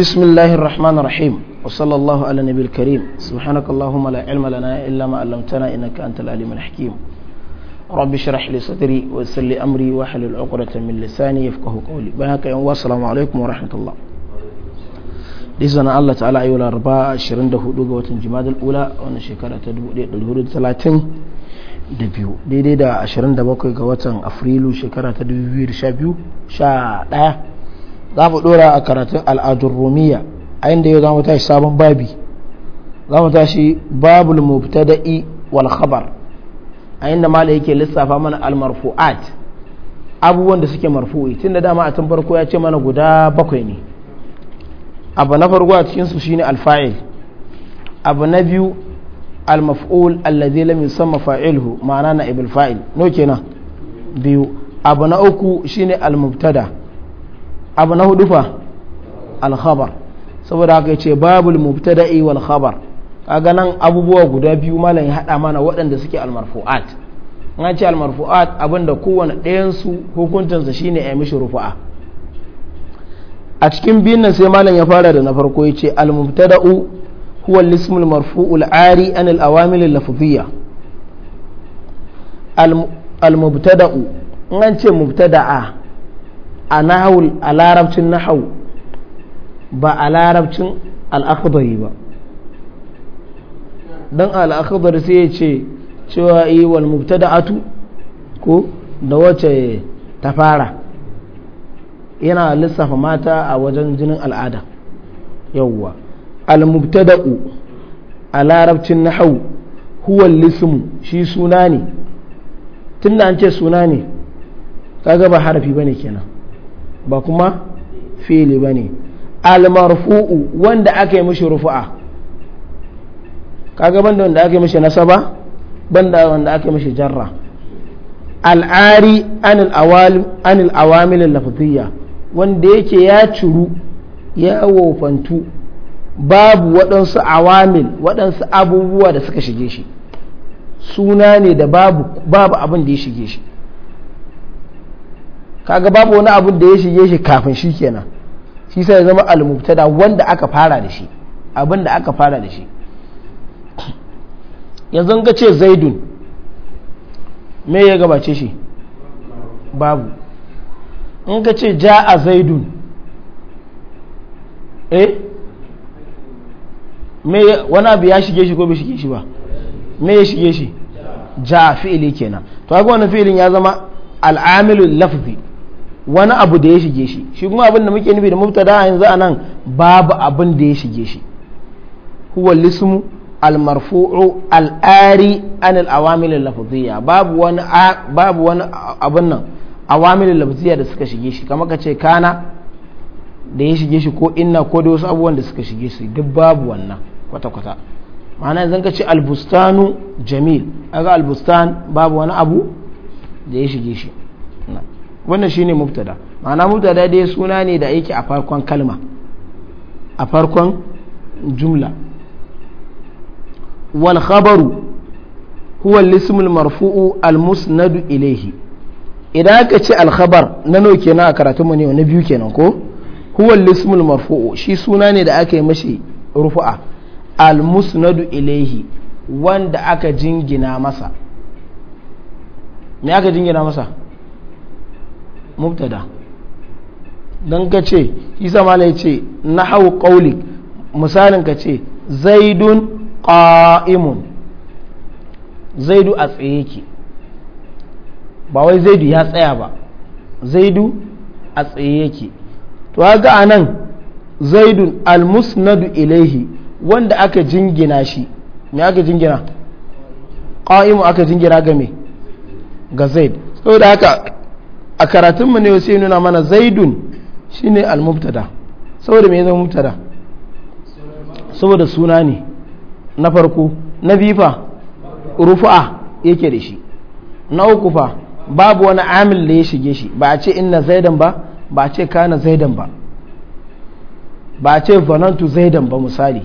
بسم الله الرحمن الرحيم وصلى الله على النبي الكريم سبحانك اللهم لا علم لنا إلا ما علمتنا إنك أنت العليم الحكيم رب اشرح لي صدري ويسر لي أمري واحلل عقدة من لساني يفقه قولي بهاك يوم والسلام عليكم ورحمة الله dizana Allah ta'ala ayyula arba 24 ga watan jimadul ula wannan shekara ta 1430 da biyu daidai da 27 ga watan afrilu shekara ta 2012 za mu dora a karatun al'adun rumiya a inda yau za mu tashi sabon babi za mu tashi babul mubtada'i wal khabar a inda mala yake lissafa mana almarfu'at abubuwan da suke marfu'i tun da dama a tun farko ya ce mana guda bakwai ne abu na farko a cikin su shine alfa'il abu na biyu almaf'ul allazi lam yusamma fa'iluhu ma'ana na ibil fa'il no kenan biyu abu na uku shine ne abu na hudu fa alkhabar saboda haka yace babul mubtada'i wal khabar kaga nan abubuwa guda biyu malam ya hada mana waɗanda suke almarfu'at an ce almarfu'at abinda kowane ɗayan su hukuncinsa shine ya mishi rufa'a a cikin biyun nan sai malam ya fara da na farko yace al-mubtada'u huwa al-ismu al-marfu'u al-ari an al-awamil al-lafziyya al-mubtada'u an ce mubtada'a a nahawul a larabcin nahawu ba a larabcin al'akhdari ba dan al'akhdari sai ya ce cewa yi wal atu ko da wace ta fara yana lissafa mata a wajen jinin al'ada yauwa al u a larabcin nahawu huwan lissimu shi suna ne tunda an ce suna ne ta ba harafi bane kenan ba kuma fili ba ne almarfu'u wanda aka yi mashi rufu'a kaga banda wanda aka yi mashi nasaba banda wanda aka yi mashi jarra al'ari anil awamil lafaziyya wanda yake ya curu ya wofantu babu waɗansu awamil waɗansu abubuwa da suka shige shi suna ne da babu abin da ya shige shi kaga babu wani abu da ya shige shi kafin shi kenan shi sai ya zama al-mubtada wanda aka fara da shi abin da aka fara da shi yanzu ka ce zaidun me ya gabace shi babu in ka ce ja a zaidun eh me wani abu ya shige shi ko bai shige shi ba me ya shige shi ja fi'ili kenan to ga wannan fi'ilin ya zama al'amilu lafzi wani abu da ya shige shi shi kuma abin da muke nufi da mubtada yanzu a nan babu abin da ya shige shi huwa lismu almarfu'u al'ari an al'awamil lafziyya babu wani babu wani abin nan awamil lafziyya da suka shige shi kamar ka ce kana da ya shige shi ko inna ko da wasu abubuwan da suka shige shi duk babu wannan kwata kwata ma'ana yanzu ka ce albustanu jamil aga albustan babu wani abu da ya shige shi wannan shine mubtada ma'ana mubtada dai suna ne da yake a farkon kalma a farkon jumla wal khabaru huwa al marfu'u al musnad ilayhi idan aka ce al khabar na nawa kenan a karatun mu ne na biyu kenan ko huwa al marfu'u shi suna ne da aka yi mashi rufu'a al musnad ilayhi wanda aka jingina masa me aka jingina masa mubtada don ka ce isa mala ya ce na hau ƙaulik misalin ka ce zaidun ƙa'imun zaidu a tsaye yake ba wai zaidu ya tsaya ba zaidu a tsaye yake to haka a nan zaidun almusnadu ilaihi wanda aka jingina shi me aka jingina ƙa'imun aka jingina ga me ga zaid saboda haka a karatunmu ne sai nuna mana zaidun shine ne almubtada saboda mai zama mubtada saboda suna ne na farko na bifa rufa yake da shi na uku fa babu wani amil da ya shige shi ba a ce inna zaidan ba ba a ce kana zaidan ba ba a ce vanantu zaidan ba misali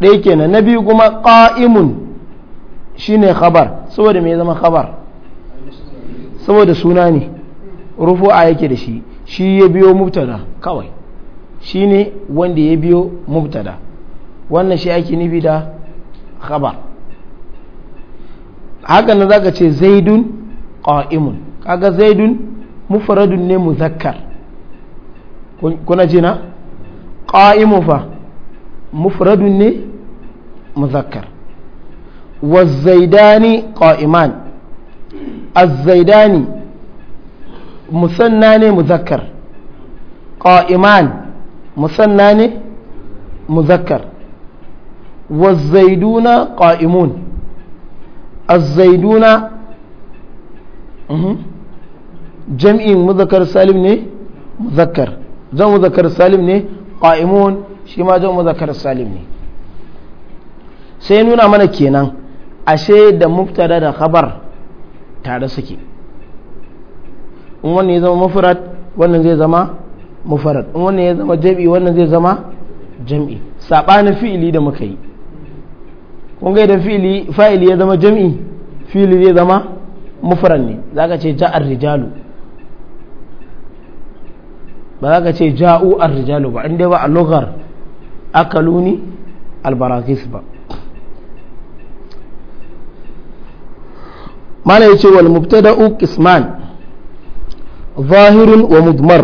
ɗaya kenan na biyu kuma ƙa'imun shine khabar saboda mai zama khabar saboda suna ne rufu'a yake da shi shi ya biyo mubtada kawai shi ne wanda ya biyo mubtada wannan shi ake nufi da khabar hakan nan zaka ce zaidun qa'imun kaga zaidun mufradun ne muzakkar kuna jina na qa'imu fa mufradun ne muzakkar wa zaidani qa'iman الزيداني مسنان مذكر قائمان مسنان مذكر والزيدون قائمون الزيدون جمع مذكر سالم ني مذكر جمع مذكر سالم ني قائمون شما جمع مذكر سالم ني sai nuna mana kenan ashe da mubtada da tare suke in wannan ya zama mufrad wannan zai zama mufrad in wannan ya zama jam'i wannan zai zama jam'i sabanin fi'ili da muka yi kun ga idan fa'ili ya zama jam'i fi'ili zai zama mufrad ne za ka ce ja'ar rijalu ba za ka ce ja'u ar rijalu ba inda ba a lokar akaluni albarakis ba mana yace wal mubtada'u qisman zahirun wa mudmar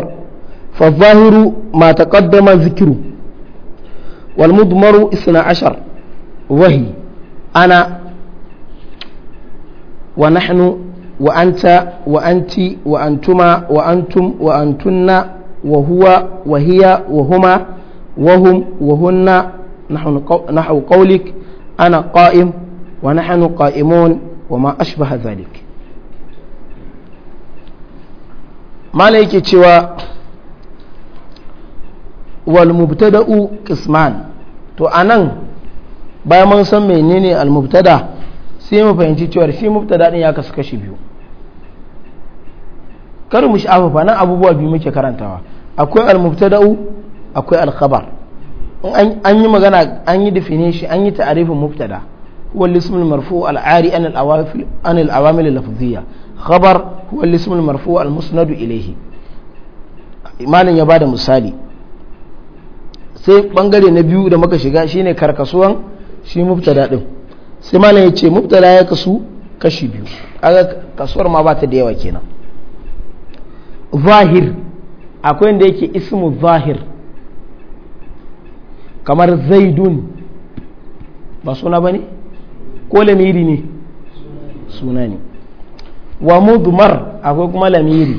fa zahiru ma taqaddama zikru wal mudmaru 12 wahi ana wa nahnu wa anta wa anti wa antuma wa antum wa antunna wa huwa wa hiya wa huma wa hum wa hunna nahwu qawlik ana qa'im wa nahnu qa'imun wa ma ashbaha zalik mala yake cewa walmubtada'u mubtada'u qisman to anan baya mun san menene al mubtada sai mu fahimci cewa shi mubtada din ya kasu biyu kar mu sha'afa fa nan abubuwa biyu muke karantawa akwai al mubtada'u akwai al khabar an yi magana an yi definition an yi ta'arifin muftada. هو الاسم المرفوع العاري عن العوامل اللفظية خبر هو الاسم المرفوع المسند إليه malam ya bada misali sai bangare na biyu da muka shiga shine karkasuwan shi mubtada din sai malam ya ce mubtada ya kasu kashi biyu kaga kasuwar ma ba ta da yawa kenan zahir akwai inda yake ismu zahir kamar zaidun ba suna bane ko lamiri ne suna ne wa mudmar akwai kuma lamiri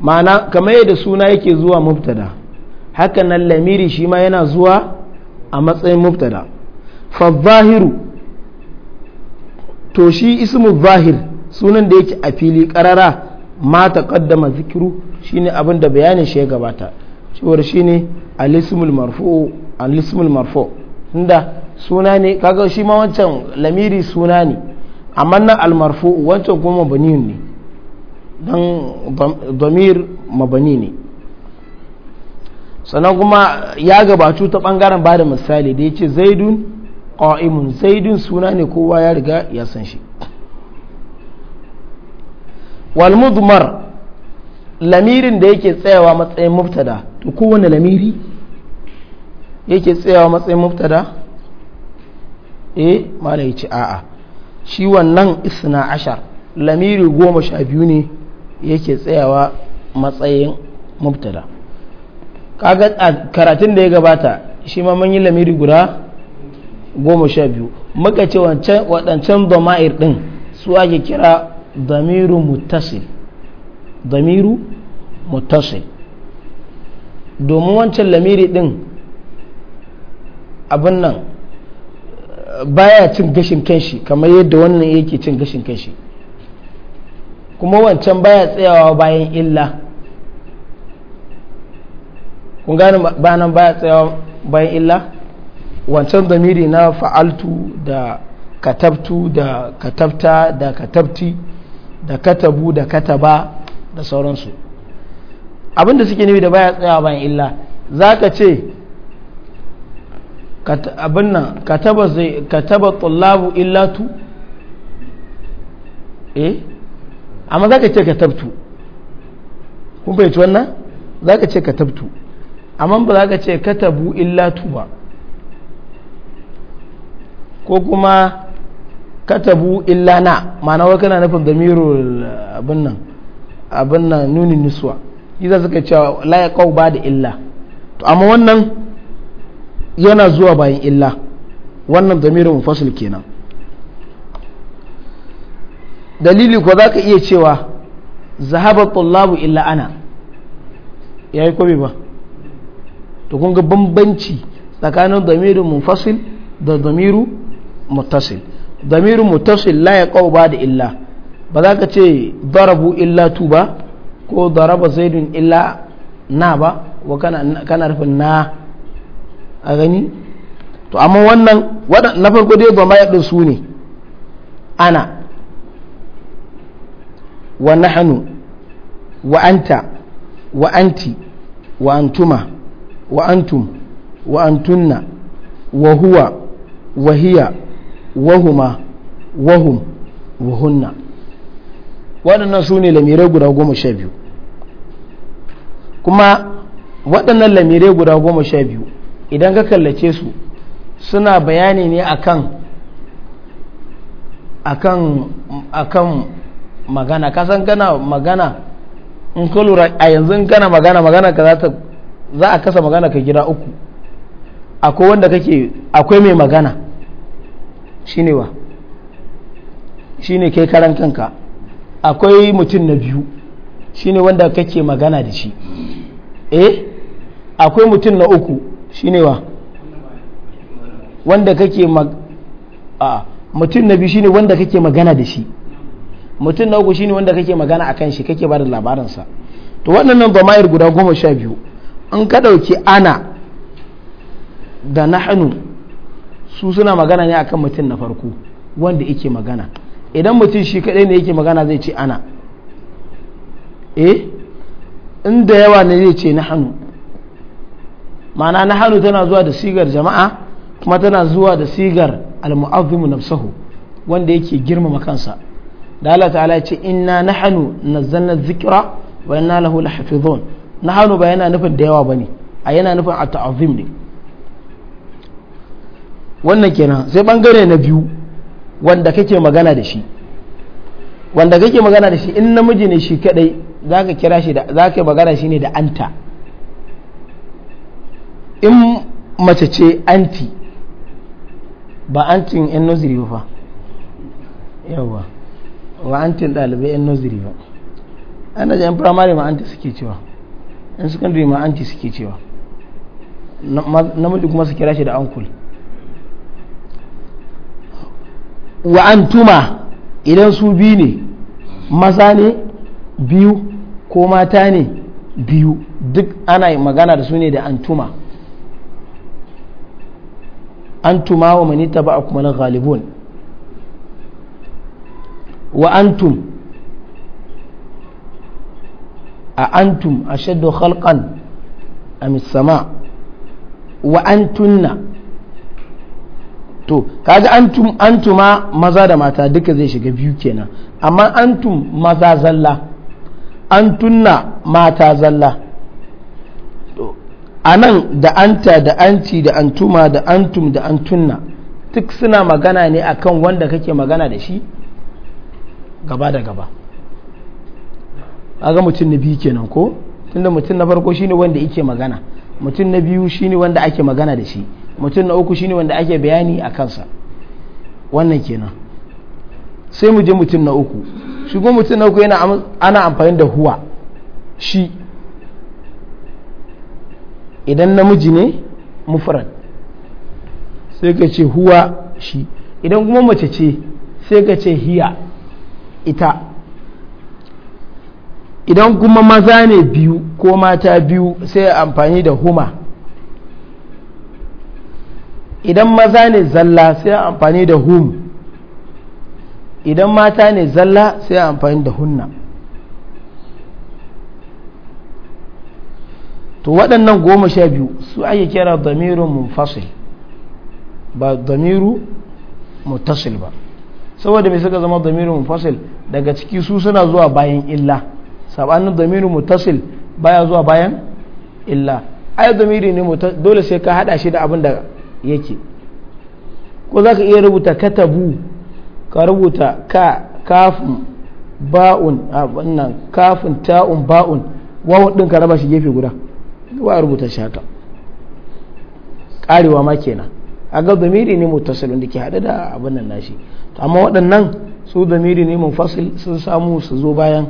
ma'ana kamar yadda suna yake zuwa mubtada hakan nan lamiri shi ma yana zuwa a matsayin mubtada fa to shi ismu zahir sunan da yake a fili karara ma taqaddama zikiru shine abin da bayanin shi ya gabata cewar shine al-ismul inda suna ne kaga shi ma wancan lamiri suna ne amma nan almarfu wancan kuma mabani ne don domir mabani ne sannan kuma ya gabatu ta bangaren ba da misali da ya ce zaidun ƙa'imun zaidun suna ne kowa ya riga ya san shi walmudmar lamirin da yake tsayawa matsayin mubtada to kowane lamiri yake tsayawa matsayin mubtada eh mana ya ce a'a shi wannan isna ashar lamiri goma sha biyu ne yake tsayawa matsayin mubtada kaga karatun da ya gabata shi ma mun yi lamiri guda goma sha biyu muka ce waɗancan dama'ir ɗin su ake kira damiru mutasil damiru mutasil domin wancan lamiri ɗin abin nan baya cin gashin kanshi kamar yadda wannan yake cin gashin kanshi kuma wancan baya tsayawa bayan illa kun gane banan baya tsayawa bayan illa wancan zamiri na fa'altu da katabtu da katabta da katabti da katabu da kataba da sauransu abinda suke nufi da baya tsayawa bayan illa za ka ce abin nan ka taba tsallabu illatu eh amma za ka ce ka tabtu kun fahimci wannan za ka ce ka tabtu amma ba za ka ce ka tabu illatu ba ko kuma ka tabu illana ma'ana wai kana nufin damiru abin nan abin nan yi niswa su ka cewa la ya ba da illa to amma wannan yana zuwa bayan illa wannan damirin mufasil kenan dalili ko za ka iya cewa zahaba tullabu illa ana ya yi kobe ba to kun ga bambanci tsakanin damirin mufasil da damiru mutasil damirin mutasil la ya kawo ba da illa ba za ka ce darabu illa tu ba ko daraba zaidun illa na ba wa kana rufin na a gani to amma wannan na farko dai ba ma yadda su ne ana wa nahanu wa anta wa anti wa antuma wa antum wa antunna wa huwa wa hiya wa huma wa hum wa hunna waɗannan su ne lamirai guda goma sha biyu kuma waɗannan lamirai guda goma sha biyu idan ka kallace su suna bayani ne akan akan akan magana kasan kana magana in ka lura a yanzu in kana magana magana ka za za a kasa magana ka gida uku akwai wanda kake akwai mai magana shine wa shine kai karan kanka akwai mutum na biyu shine wanda kake magana da shi eh akwai mutum na uku ne wa wanda kake a mutum na biyu shine wanda kake magana da shi mutum na uku shine wanda kake magana a kan shi kake ba da labarinsa to waɗannan bamayar guda goma sha biyu in ka ɗauki ana da nahanu su suna magana ne akan mutum na farko wanda yake magana idan mutum shi kaɗai ne yake magana zai ce ana eh inda yawa ne zai ce nahanu ma'ana na hannu tana zuwa da sigar jama'a kuma tana zuwa da sigar al-mu'azzimu nafsahu wanda yake girmama kansa da Allah ta'ala ya ce inna nahnu nazzalna dhikra wa inna lahu lahafizun nahnu ba yana nufin da yawa bane a yana nufin at-ta'zim ne wannan kenan sai bangare na biyu wanda kake magana da shi wanda kake magana da shi in namiji ne shi kadai zaka kira shi da zaka magana shi ne da anta in mace ce anti ba antin yan noziri ba fa yawa wa antin ɗalibai yan noziri ba ana jan firamare ma anti suke cewa yan secondary ma anti suke cewa namiji kuma su kira shi da uncle wa antuma idan su biyu ne maza ne biyu ko mata ne biyu duk ana magana da su ne da antuma an tuma wa mani taba kuma na ghalibun wa antum a an antum a shaddu khalqan a misama wa antunna to kaji an antum antuma maza da mata duka zai shiga biyu kenan amma an antum maza zalla an tunna mata zalla a nan da anta da anti da antuma da antum da antunna duk suna magana ne akan wanda kake magana da shi gaba da gaba ga mutum na biyu kenan ko tunda mutum na farko shine wanda yake magana mutum na biyu shine wanda ake magana da shi mutum na uku shine wanda ake bayani a kansa wannan kenan sai mu je mutum na uku shigo mutum na uku yana ana amfani da huwa shi idan namiji ne mufrad sai ka ce huwa shi idan kuma mace ce sai ka ce hiya ita idan kuma maza ne biyu ko mata biyu sai amfani da huma idan maza ne zalla sai amfani da hum idan mata ne zalla sai amfani da hunna to waɗannan goma sha biyu su ake kira damirun munfasil ba damiru mutasil ba saboda mai suka zama damiru munfasil daga ciki su suna zuwa bayan illa sabanin damiru mutasil baya zuwa bayan illa ai damiri ne dole sai ka hada shi da abin da yake ko za ka iya rubuta katabu ka rubuta ka kafin ba'un abin nan kafin ta'un ba'un wawon ɗin ka raba shi gefe guda ba a rubuta shi haka karewa ma kenan a ga zamiri ne mutasilin da ke haɗe da abin nan nashi amma waɗannan su zamiri ne fasil sun samu su zo bayan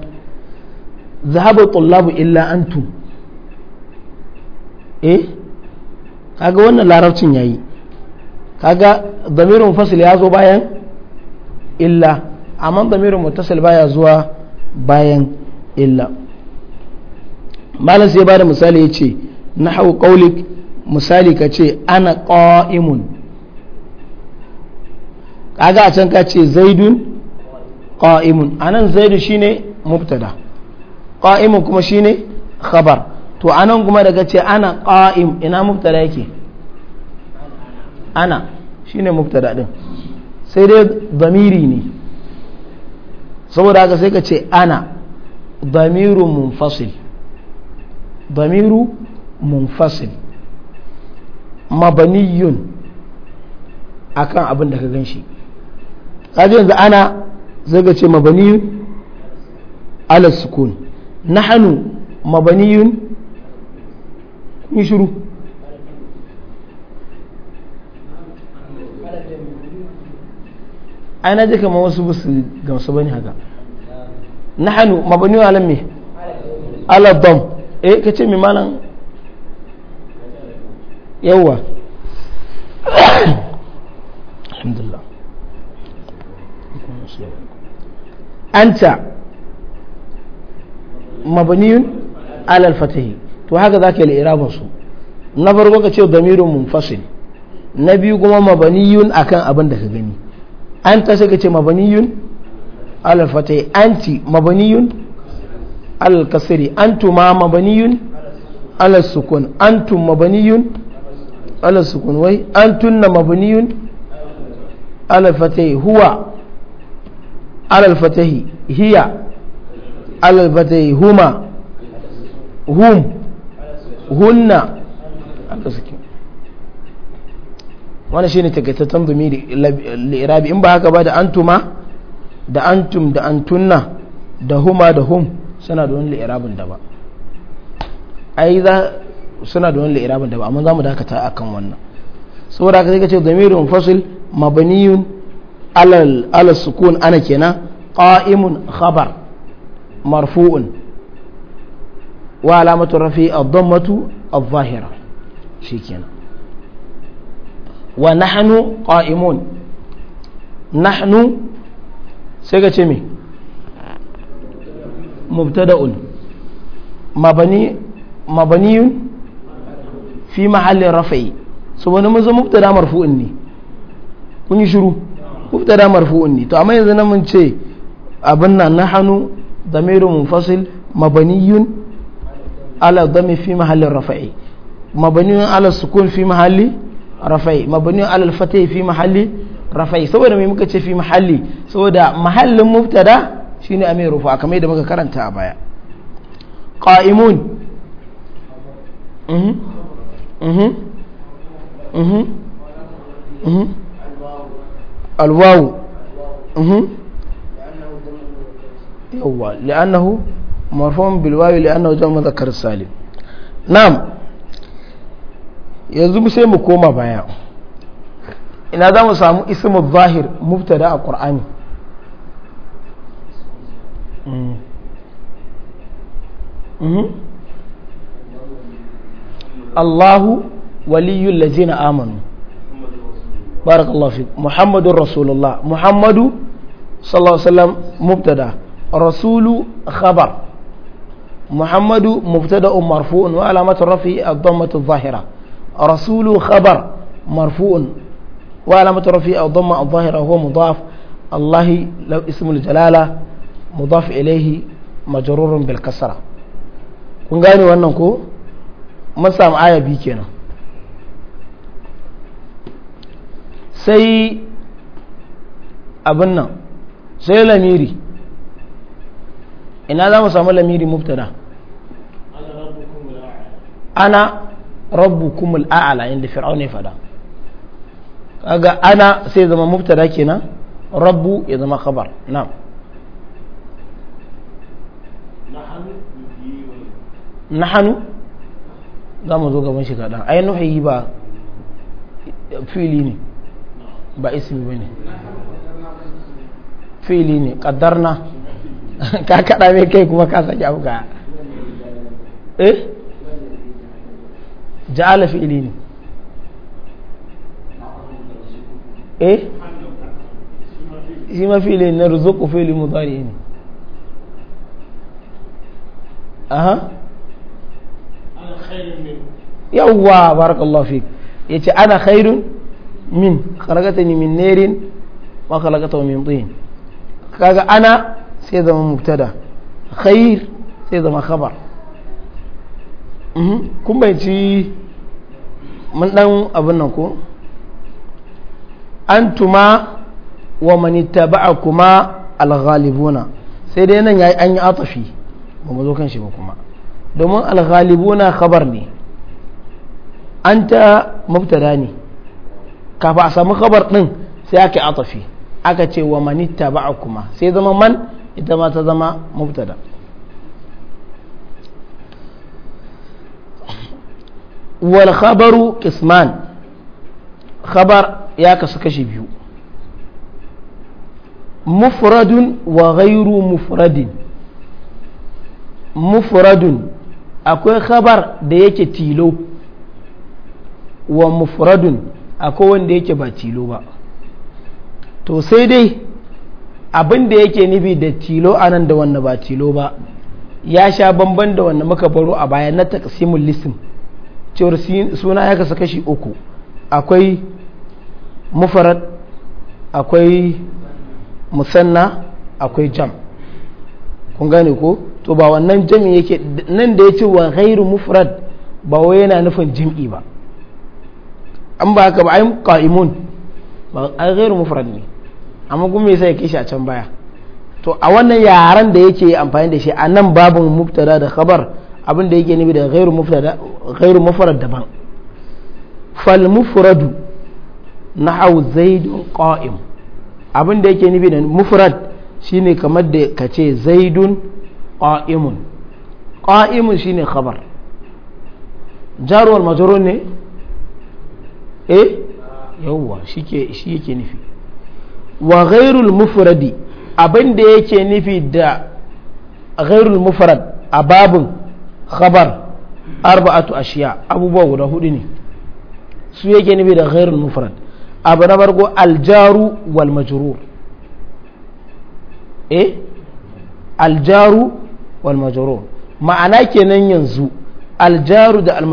zahabar tullabu illa antu eh kaga wannan larabcin yayi kaga zamirin fasil ya zo bayan illa amma zamirin mutasil baya zuwa bayan illa malam sai ba da misali ya ce na hau ƙaulik misali ka ce ana ƙa'imun kaga a can ka ce zaidun ƙa'imun a nan zaidu shi ne mubtada ƙa'imun kuma shi ne khabar to a nan kuma daga ce ana ƙa'im ina mubtada yake ana shi ne mubtada ɗin sai dai zamiri ne saboda haka sai ka ce ana damirun munfasil ضمير منفصل yun akan abin da ka ganshi, shi kaji yanzu ana zaga ce mabani ala sukun nahanu mabaniyun kun shiru ana ji kamar wasu busu gamsu bane haka nahanu mabaniyun ala me ala dam eh ka ce mi malan yawwa alhamdulillah anta mabniyun alal fatahi to haka zaka yi irabun su na farko ka ce damirun munfasil na biyu kuma mabaniyun akan abin da ka gani anta sai ka ce mabaniyun alal fatahi anti mabaniyun alal kasri antuma mabaniyun alal sukun antum mabaniyun alal sukun wai antunna mabaniyun alal fatahi huwa alal fatahi hiya alal fatahi huma hum hunna alal sukun wani shine takaitaccen zumiri lirabi in ba haka ba da antuma da antum da antunna da huma da hum suna da wani li'irabin da ba ai za suna da wani li'irabin da ba amma za mu dakata kan wannan saboda haka zika ce zamirin fasil mabaniyun alal alal sukun ana kenan qa'imun khabar marfu'un wa alamatu rafi ad-dammatu adh-dhahira shikenan wa nahnu qa'imun nahnu sai ka ce me mabani مبني مبني في محل رفع saboda mun zo mubtada marfu'un ne kun yi shiru mubtada marfu'un ne to amma yanzu nan mun ce abin nan nahanu damiru munfasil mabaniyun ala dami fi mahallin rafa'i mabaniyun ala sukun fi mahalli rafa'i mabaniyun ala fatih fi mahalli rafa'i saboda mai muka ce fi mahalli saboda mahallin mubtada ne amir rufa kamar yadda muka karanta a baya ƙa'imun mhm. mhm. mhm. alwawu yawwa li'annahu marfon bilwawi li'annahu jamu mazakar salim nam yanzu sai mu koma baya ina za mu samu ismu zahir mubtada a qur'ani الله ولي الذين آمنوا بارك الله فيك محمد رسول الله محمد صلى الله عليه وسلم مبتدا رسول خبر محمد مبتدا مرفوع وعلامة رفعه الضمة الظاهرة رسول خبر مرفوع وعلامة رفعه الضمة الظاهرة هو مضاف الله لو اسم الجلالة mudaf ilaihi majrurun bil kasra kun gane wannan ko mun samu aya bi kenan sai abin nan sai lamiri ina za mu samu lamiri mubtada ana rabbukumul a'ala inda fir'aun ya fada kaga ana sai zama mubtada kenan rabbu ya zama khabar na'am na hannu za mu zo gaban shi kaɗan ai nuhayi ba fili ne ba ismi ba ne fili ne ƙaddarna ka kaɗa mai kai kuma ka sake abu ka eh ja'ala fili ne eh shi ma fili ne na ruzuku fili mudari ne aha yawwa barakallahu fik yace ana khairun min khalaqatani min narin wa khalaqatahu min tin kaga ana sai zama mubtada khair sai zama khabar mhm, kun bai ci mun dan abin nan ko antuma wa manittaba'akuma al-ghalibuna sai dai nan yayi an yi atafi ba mu zo kan shi ba kuma domin alghalibuna khabar ne anta mubtada ne kafa a samu khabar din sai aka atafi aka ce wa manitta ba kuma sai zama man ita ma ta zama mubtada wal khabaru kisman khabar ya kasu kashi biyu mufradun wa ghairu mufradin mufradun akwai khabar da yake tilo wa mufradun akwai wanda yake ba tilo ba to sai dai abin da yake nufi da tilo anan da wanda ba tilo ba ya sha bamban da wanda muka baro a baya na taqsimul lism cewar suna ya kasa kashi uku akwai mufarad akwai musanna akwai jam kun gane ko to ba wannan jami yake nan da ya ce wa ghairu mufrad ba wai yana nufin jim'i ba an ba haka ba ayin kaimun ba a ghairu mufrad ne amma kuma yasa ke shi a can baya to a wannan yaran da yake amfani da shi a nan babin mubtada da khabar abin da yake nufi da ghairu mufrad ghairu mufrad daban fal mufradu zai zaidun qa'im abin da yake nufi da mufrad shine kamar da kace zaidun qa'imun qa'imun shine khabar jar wal majrur ne eh yawwa shike shi yake nufi wa ghairul mufradi abin da yake nufi da ghairul mufrad a babun khabar arba'atu ashiya abubuwa guda hudu ne su yake nufi da ghairul mufrad abu na farko aljaru wal majrur eh aljaru wal majrur ma'ana kenan yanzu aljaru da al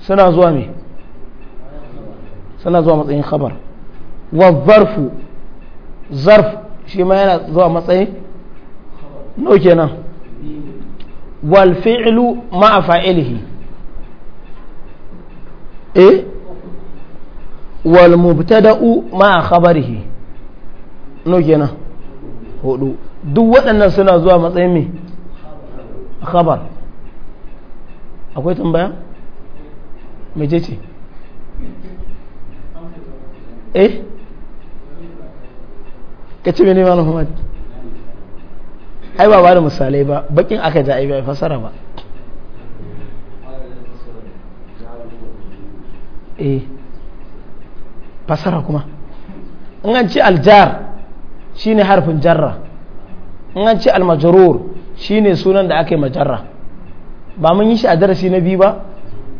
suna zuwa me suna zuwa matsayin khabar wa zarfu zarf shi ma yana zuwa matsayin no kenan wal fi'lu ma'a fa'ilihi eh wal mubtada'u ma'a khabarihi no kenan hudu duk waɗannan suna zuwa matsayin khabar akwai tambaya mai je ce eh ka ce mene malam hamad ai ba ba da misalai ba bakin aka ja ai ba fasara ba eh fasara kuma in an ce aljar shine harfin jarra in an ce almajrur shine sunan da aka yi majarra ba mun yi shi a darasi na biyu ba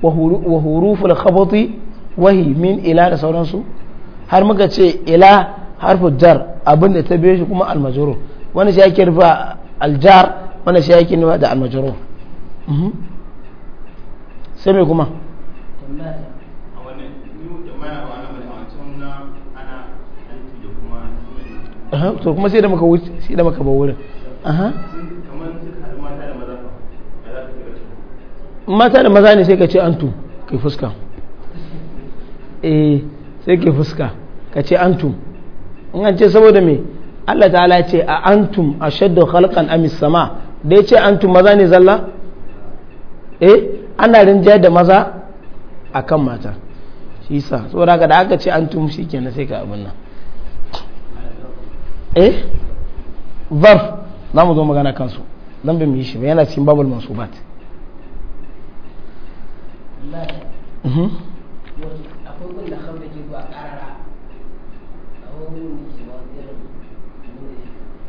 wa huruful khabati wahi min ila da sauransu har muka ce ila harfu jar abin da ta biyo shi kuma almajrur wani shi yake rufa aljar wani shi yake nufa da almajrur mhm. sai mai kuma to kuma sai da maka wuce sai da ba wurin mata da maza ne sai ka ce antu kai fuska eh sai ka fuska ka ce antum in an ce saboda me Allah ta'ala ce a antum a shaddu halkan amis sama da ya ce antum maza ne zalla eh ana rinjaya da maza a kan mata shi sa saboda ka da aka ce antum shi kenan sai ka abin nan eh verb za mu zo magana kansu don bai mu yi shi ba yana cikin babul mansubat. bat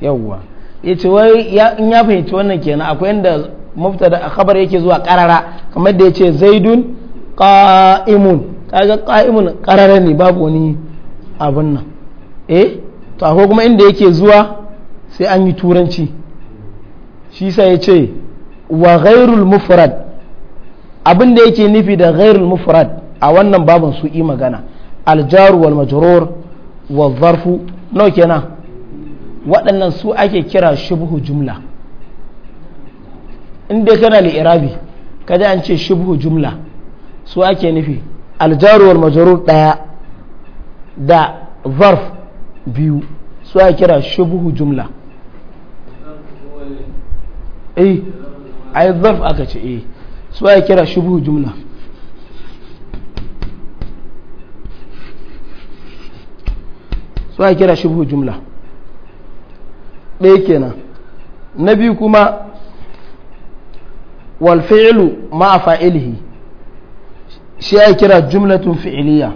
yawwa ya ce wai in ya fahimci wannan kenan akwai inda mafita da khabar yake zuwa karara kamar da ya ce zaidun qa'imun kaga qa'imun karara ne babu wani abin nan eh to akwai kuma inda yake zuwa sai an yi turanci shi sa ya ce wa ghairul mufrad abin da yake nufi da ghairul mufrad a wannan babin su yi magana aljaru wal majrur wal zarfu no kenan waɗannan su ake kira shubhu jumla in dai kana li'irabi kada an ce shubhu jumla su ake nufi aljaru wal majrur daya da zarf biyu su ake kira shubhu jumla eh ai zarf aka ce eh su ya kira shubuhu jumla su ya kira shubuhu jumla ɗaya kenan na biyu kuma walfi'ilu ma'a fa'ilihi shi ya kira jumlatun fi'iliya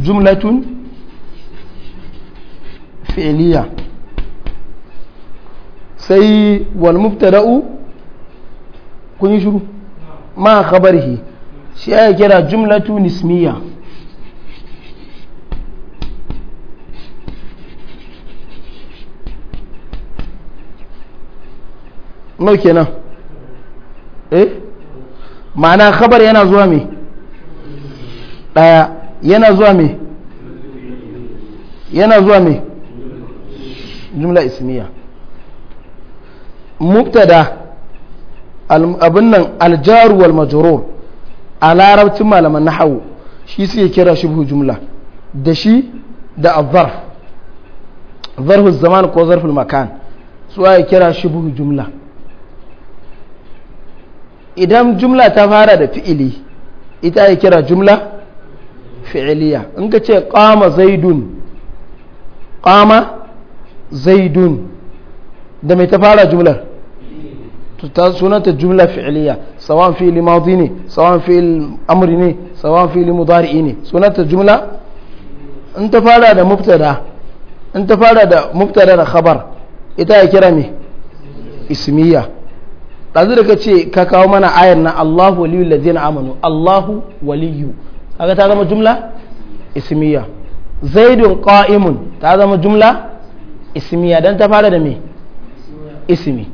jumlatun fi'iliya sai wal mubtada'u kun yi shiru ma khabarhi shi ya kira jumlatu nismiya ke kenan eh ma'ana khabar yana zuwa me daya yana zuwa me yana zuwa me jumla ismiya mubtada abin nan aljaru wal majurur a larabcin malaman hau shi suke kira shi buhu jumla da shi da azzarf zarfu zaman ko zarful makan su ake kira shi buhu jumla idan jumla ta fara da fi'ili ita ake kira jumla fi'iliya in ka ce kama zaidun kama zaidun da mai ta fara jumlar ta sunanta jumla fi'liya sawan fi'li madi ne sawan fi'l amri ne sawan fi'li mudari'i sunanta jumla in ta da mubtada in ta mubtada da ita ya kira me ismiya ɗazu da ka ce ka kawo mana ayar na Allahu waliyu ladzina amanu Allahu waliyu kaga ta zama jumla ismiya zaidun ƙa'imun ta zama jumla ismiya dan ta fara da me ismi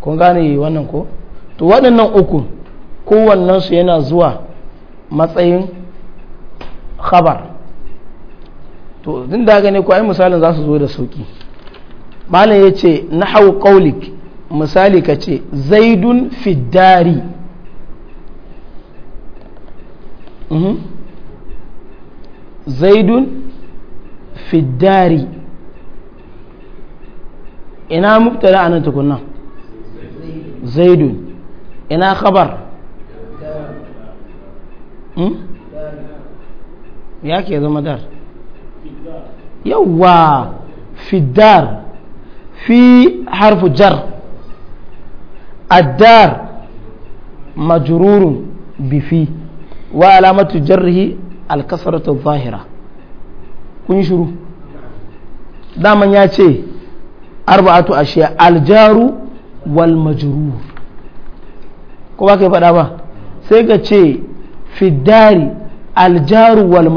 kun gane wannan ko to waɗannan uku kowannensu yana zuwa matsayin khabar to din da gane ko ai misalin za su zo da sauki malam ya ce na hau ƙaulik misali ka ce zaidun fiddari mhm. zaidun fiddari ina mubtada a nan tukunan zaidun ina khabar hmm? ya ke zama dar yawwa fidar fi harfu jar addar majrurun bifi wa alamatu jarrihi alkasaratu zahira kun shuru daman ya ce arba'atu ashiya aljaru wal kowa ko ba faɗa ba sai ka ce fiddari aljaru wal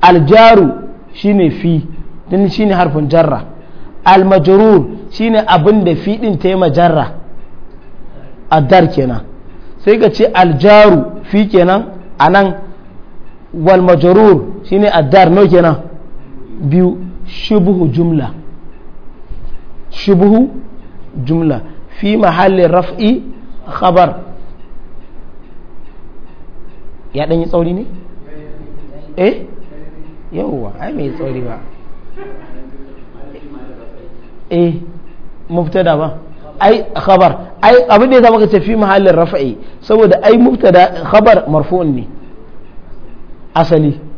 aljaru shine fi din shine harfin jarra al shine abin da fi din ta yi majarra addar kenan sai ka ce aljaru fi kenan anan wal majrur shine dar no kenan biyu shubuhu jumla shubuhu jumla fi mahallin raf'i khabar ya ɗanyi tsauri ne? eh yauwa ai mai tsauri ba eh mubtada ba ai khabar ai abin da ya zama kace fi mahallin raf'i saboda ai mubtada khabar marfu'un ne asali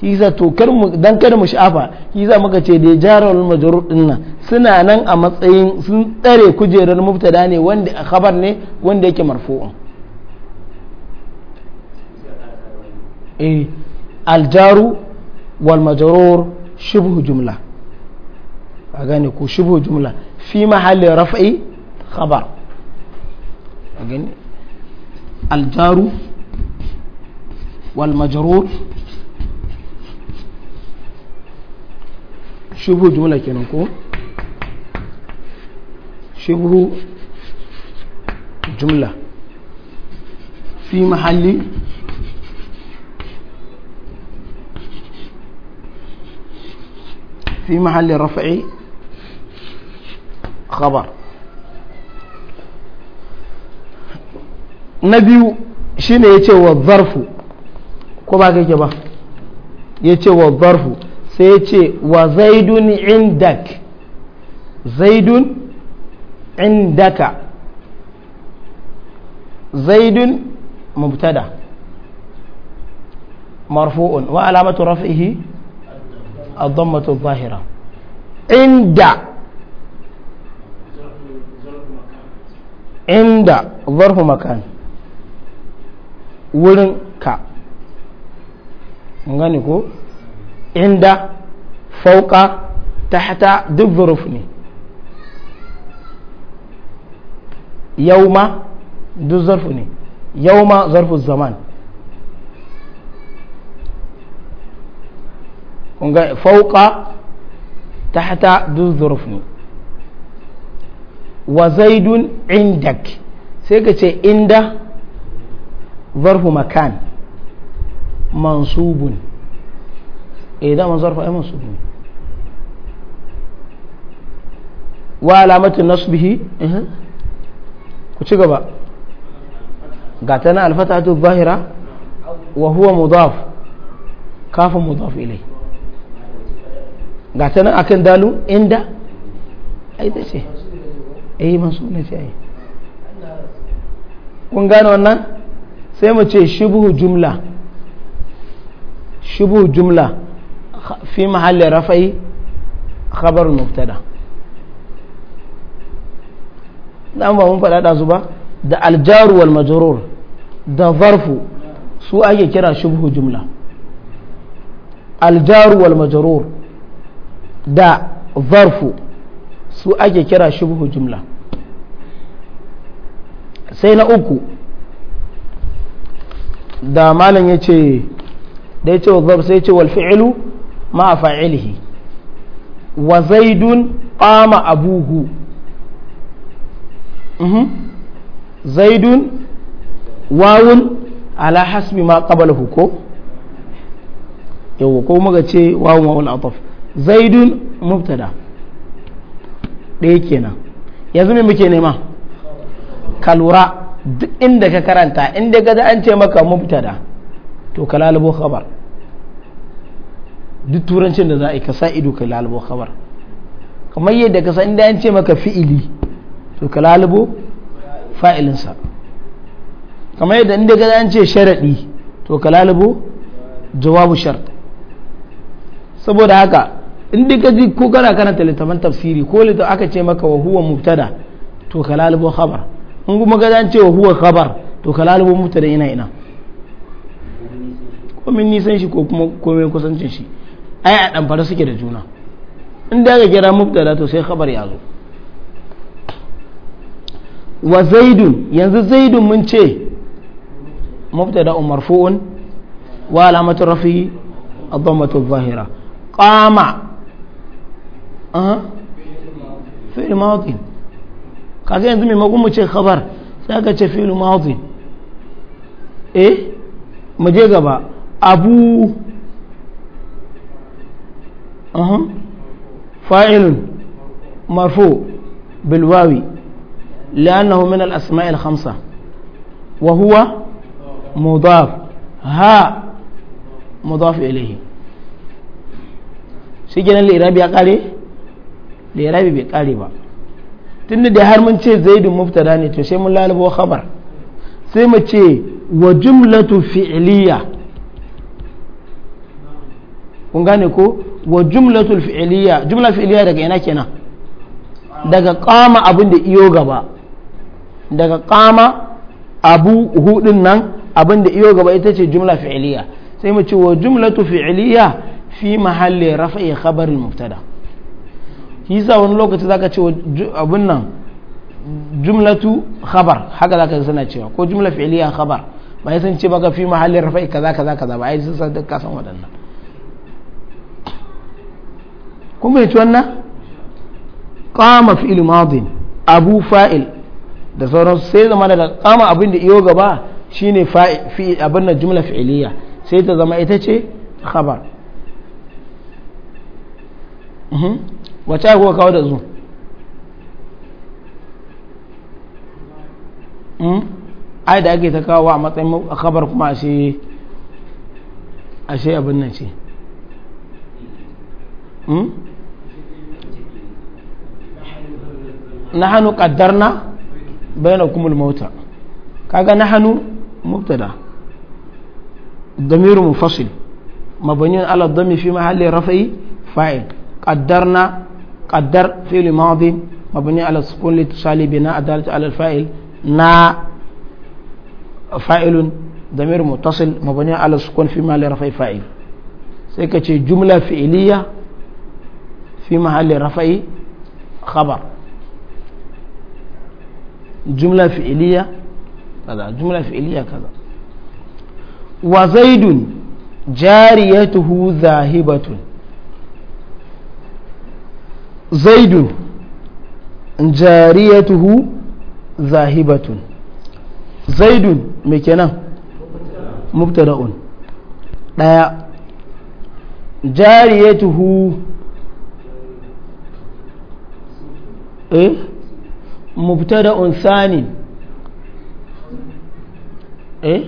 shi za to kar mu dan kada mu shafa shi za muka ce da jarul majrur din nan suna nan a matsayin sun tsare kujerar mubtada ne wanda a khabar ne wanda yake marfu'un eh jaru wal majrur shibhu jumla a gane ko shibhu jumla fi mahalli raf'i khabar a gane jaru wal majrur shubhu jumla kenan ko shubhu jumla fi mahalli fi mahalli rafi'i khabar na shine yace wa zarfu ko ba kake ba ya wa zarfu sai ce wa zaidun indak zaidun indaka zaidun mubtada marfu'un wa alamatu raf'ihi ad zahira inda inda zarfu makan wurin ka gani ko inda fauka tahta duk zurufu ne ma duk zurufu ne ma zurufu zaman kunga fauka tahta duk zurufu ne wa zaidun indak sai ka ce inda zurufu makan mansubun eh daman zarfa ai mansub ne wa alamatin nasbihi ku ci gaba ga ta na alfatatu zahira wa huwa mudaf kafin mudaf ilai ga ta nan akan dalu inda ai ta ce eh masu ne ce ai kun gane wannan sai mu ce shubuhu jumla shubuhu jumla في محل رفع خبر مبتدا dan ba mun faɗa da su ba da aljaru wal majrur da zarfu su ake kira shubhu jumla aljaru wal majrur da zarfu su ake kira shubhu jumla sai na uku da malam ya ce da ce wa zarfu sai ya ce wal fi'ilu ma fa'ilihi wa zaidun qama abuhu mhm. zaidun wawun ala hasbi ma qablahu ko yau ko muka ce wawun wawun ataf zaidun mubtada ɗaya kenan yanzu me muke nema ka duk inda ka karanta inda gada an ce maka mubtada to ka lalubo khabar duk turancin da za a yi ka sa ido ka lalubo khabar kamar yadda ka san inda an ce maka fi'ili to ka lalubo fa'ilinsa kamar yadda inda ka an ce sharaɗi to ka lalubo jawabu shart saboda haka inda ka ji ko kana kana littafin tafsiri ko lita aka ce maka wa huwa mubtada to ka lalubo khabar in kuma ka an ce wa huwa khabar to ka lalubo mubtada ina ina komin nisan shi ko kuma komai kusancin shi ai a ɗamfara suke da juna in da ga kira mubtada to sai khabar ya zo wa zaidun yanzu zaidun mun ce mubtada umar fu'un wa alamatu rafi abamatu zahira qama a fi'il madin kaga yanzu me magun mu ce khabar sai ka ce fi'l madhi eh mu je gaba abu فاعل مرفوع بالواو لأنه من الأسماء الخمسة وهو مضاف ها مضاف إليه shi kenan lirabi ya kare lirabi bai kare ba tun da har mun ce zaidun mubtada ne to sai mun lalabo khabar sai mu ce wa jumlatu fi'liya kun gane ko wa jumlatul fi'liya jumla fi'liya daga ina kenan daga kama abin da iyo gaba daga kama abu hudun nan abin da iyo gaba ita ce jumla fi'liya sai mu ce wa jumlatu fi'liya fi mahalli rafa'i khabarin mubtada yasa wani lokaci zaka ce abin nan jumlatu khabar haka zaka sana cewa ko jumla fi'liya khabar ba ya san ce baka fi mahalli rafa'i kaza kaza kaza ba ai sun san ka san waɗannan kun bai wannan qama fi ilmadin abu fa'il da sauran sai zama da qama abin da iyo gaba shine fi abin da jumla fi'iliya sai ta zama ita ce khabar mhm. wacce ya kuka kawo da zu hmm? ai da ake ta kawo a matsayin khabar kuma ashe ashe abin nan ce hmm? na hannu na bayan hukumul mota kaga na hannu mubtada damiru mufasil mabaniyan ala dami fi mahalli rafa'i fa'il qaddarna qaddar fi'l madi mabni ala sukun li tusali bina adalatu ala fa'il na fa'ilun damir muttasil mabni ala sukun fi mahalli rafa'i fa'il sai ka ce jumla fi'iliya fi mahalli rafa'i khabar jumla fi'iliya kaza jumla fi'iliya kaza wa zaidun jariyatuhu zahibatun zaidun jariyatuhu zahibatun zaidun me kenan mubtada'un daya jariyatuhu eh مبتدا ثاني ايه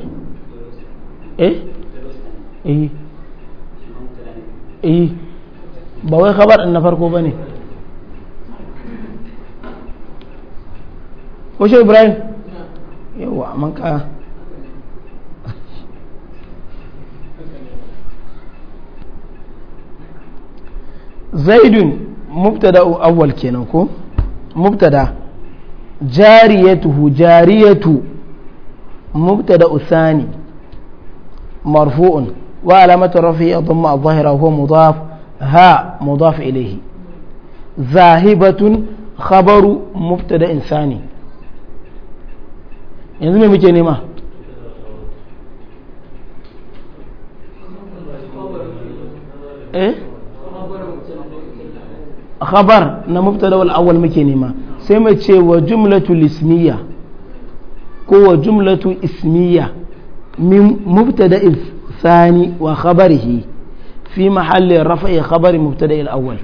na farko ba ne kushe zaidun mubtada awwal kenan ko mubtada جاريته جارية مبتدا ثاني مرفوع وعلامة رفعه ضم الظاهرة وهو مضاف ها مضاف إليه ذاهبة خبر مبتدا ثاني yanzu mai ما nema eh إيه؟ الأول na mubtada sai mai ce wa jumlatu lismiya ko wa jumlatu ismiya min mubtada thani wa khabarihi fi mahallin rafa'i khabari mubtada al-awwal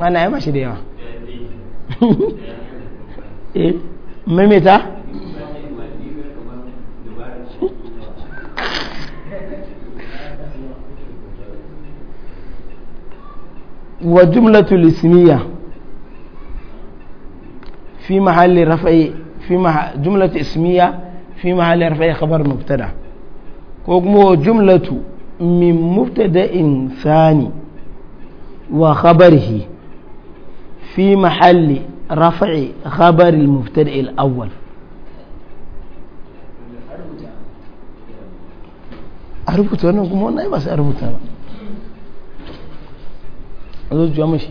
ana ya bashi da yawa eh maimaita wa jumlatul ismiya في محل رفع في محل جملة اسمية في محل رفع خبر مبتدا كوكمو جملة من مبتدا ثاني وخبره في محل رفع خبر المبتدا الأول أربطة أنا كمان أنا بس أربطة أنا أزوج جامشي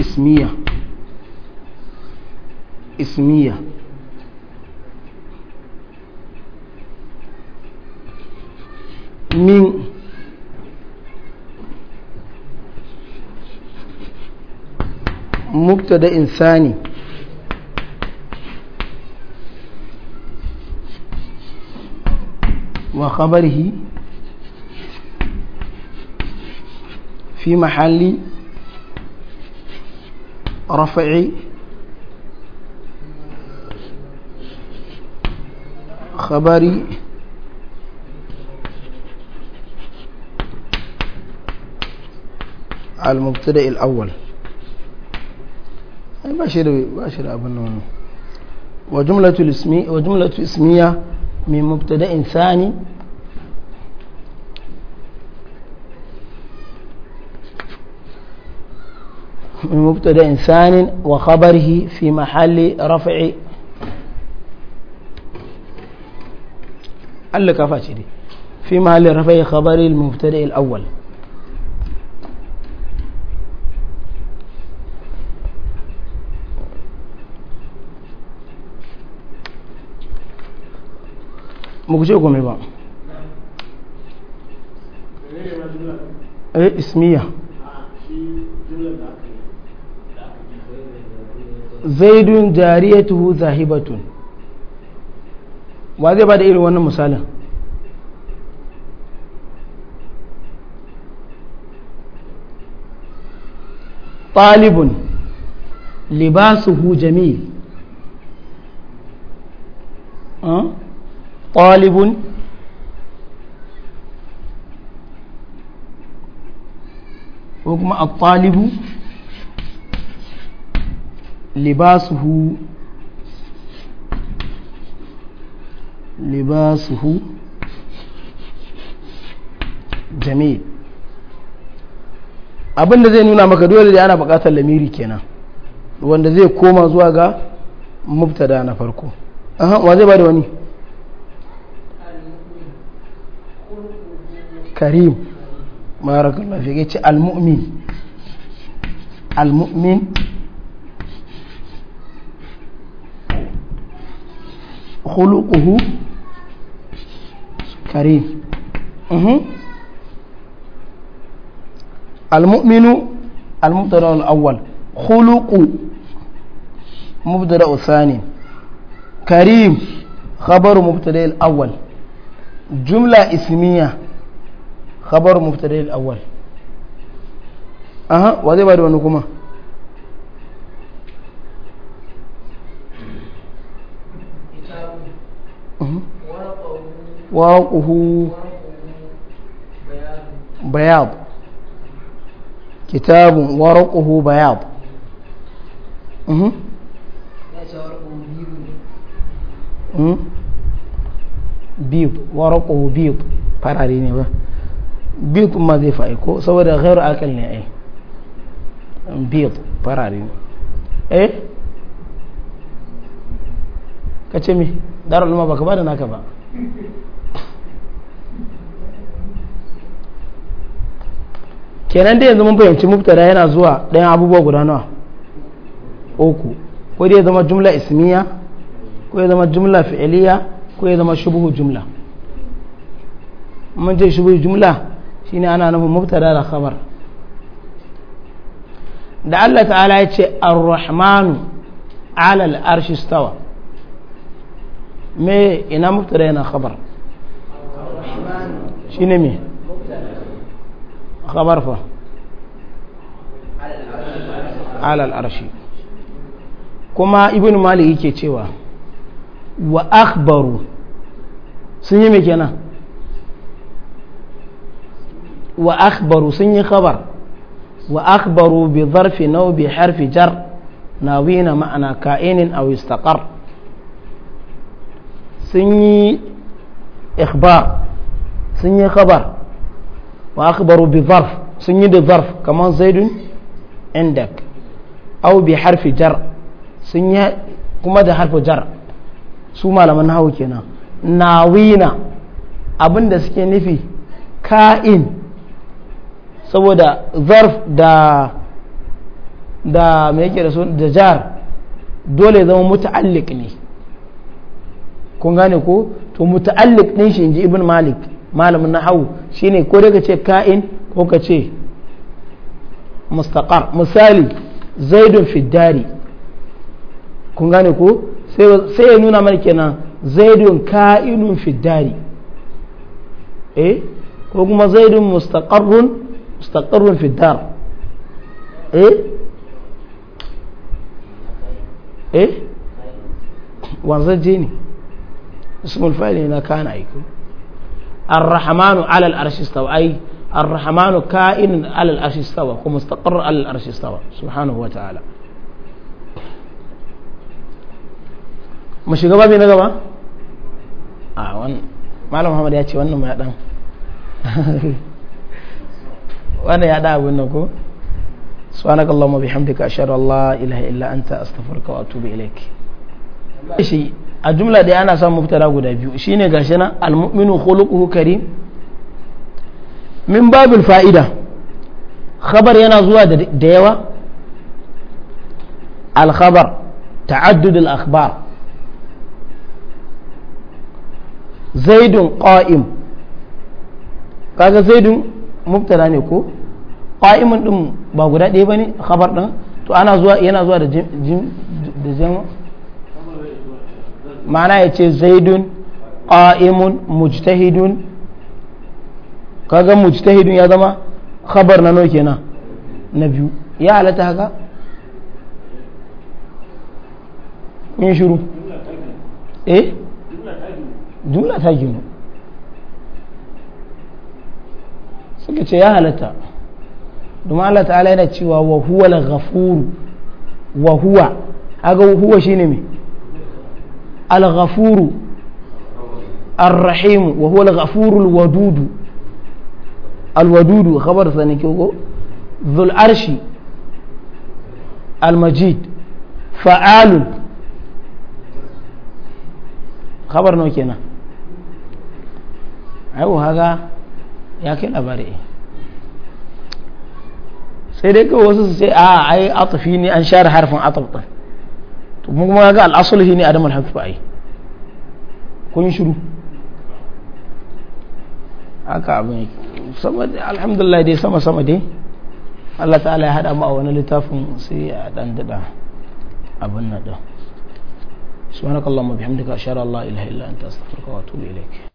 اسمية اسمية من مبتدا ثاني وخبره في محل رفعي خبري المبتدئ الأول باشر باشر أبنون وجملة الاسمي وجملة اسمية من مبتدئ ثاني من مبتدا انسان وخبره في محل رفع الله دي في محل رفع خبر المبتدا الاول مكجوكم يبقى نعم. ايه اسميه zaidun jariyatuhu zahibatun wa zai bada irin wannan misalin talibun libasuhu jamil talibun ko kuma a talibu libasuhu libasuhu jamil abin da zai nuna maka dole da ana bukatar lamiri kenan wanda zai koma zuwa ga mubtada na farko wa zai ba da wani karim barakallahu ce al-mu'min al-mu'min khuluquhu karim almuminu almubtada al'awwal khuluqu mubtada usani karim khabaru mubtada al'awwal jumla ismiya khabaru mubtada al'awwal aha wa zai ba da wani kuma ورقه بياض كتاب ورقه بياض اها بيض ورقه بيض ne ba bid kuma zai fa'i ko saboda ghairu akal ne ai bid farari ne eh kace me darul ma baka bada naka ba kenan dai yanzu mun fahimci mubtada yana zuwa ɗayan abubuwa guda nawa uku ko dai zama jumla ismiya ko ya zama jumla fi'liya ko ya zama shubuhu jumla mun ce shubuhu jumla shine ana nufin mubtada da khabar da Allah ta'ala ya ce ar-rahmanu ala al-arshi stawa me ina mubtada yana khabar shine me kuma ibn malik yake cewa wa akhbaru sun yi me wa akhbaru sun yi khabar wa akhbaru nawina ma'ana sun yi khabar wa akhbaru bi zarf sun yi da zarf kamar zaidun indak au bi harfi jar sun yi kuma da harfi jar su malaman hawa kenan nawina abin da suke nufi ka'in saboda zarf da da me yake da su da jar dole zama muta'alliq ne kun gane ko to muta'alliq din shi inji ibn malik malamin na hau shine ko daga ce ka'in ko ka ce mustaqar misali zaidun fiddari kun gane ko sai ya nuna mana kenan zaidun ka'inun fiddari eh ko kuma zaidun mustaqarrun mustaqarrun fiddar eh eh wanzar je ne ismul fa'il na kana aiki الرحمن على الأرش استوى أي الرحمن كائن على الأرش استوى ومستقر على الأرش استوى سبحانه وتعالى مش gaba bai na gaba a wannan malam muhammad ya ce wannan ya dan wannan ya da abin nan ko سبحانك اللهم وبحمدك أشهد أن لا إله إلا أنت أستغفرك وأتوب إليك شيء a jumla ɗaya ana samun mubtada guda biyu shine gashi nan almu'minu khuluquhu karim min babul fa'ida khabar yana zuwa da yawa al-khabar ta'addud al-akhbar zaidun qa'im kaga zaidun mubtada ne ko qa'imun din ba guda ɗaya bane khabar din to ana zuwa yana zuwa da jim da jama'a ma'ana ya ce zaidun ƙa’imun mujtahidun kaga mujtahidun ya zama khabar na noke na na biyu ya halatta haka in shuru eh jumla ta ginu suka ce ya halatta domin Allah ta'ala yana cewa wa huwa al-ghafuru wa huwa aga huwa shine me al-ghafuru ar-rahim wa huwa al wadudu al-wadudu sani ko dhul arshi al-majid fa'alun khabar nawa kenan ayo haga ya kai sai dai kawai wasu su ce a ai atafi ne an share harfin ataf din to mun kuma ga al'asul ne adam al hafi ba ai kun yi shiru haka abin sama saboda alhamdulillah dai sama sama dai Allah ta'ala ya hada mu a wani littafin sai a dan dada abin nan da subhanakallahumma bihamdika ashhadu an la ilaha illa anta astaghfiruka wa atubu ilayk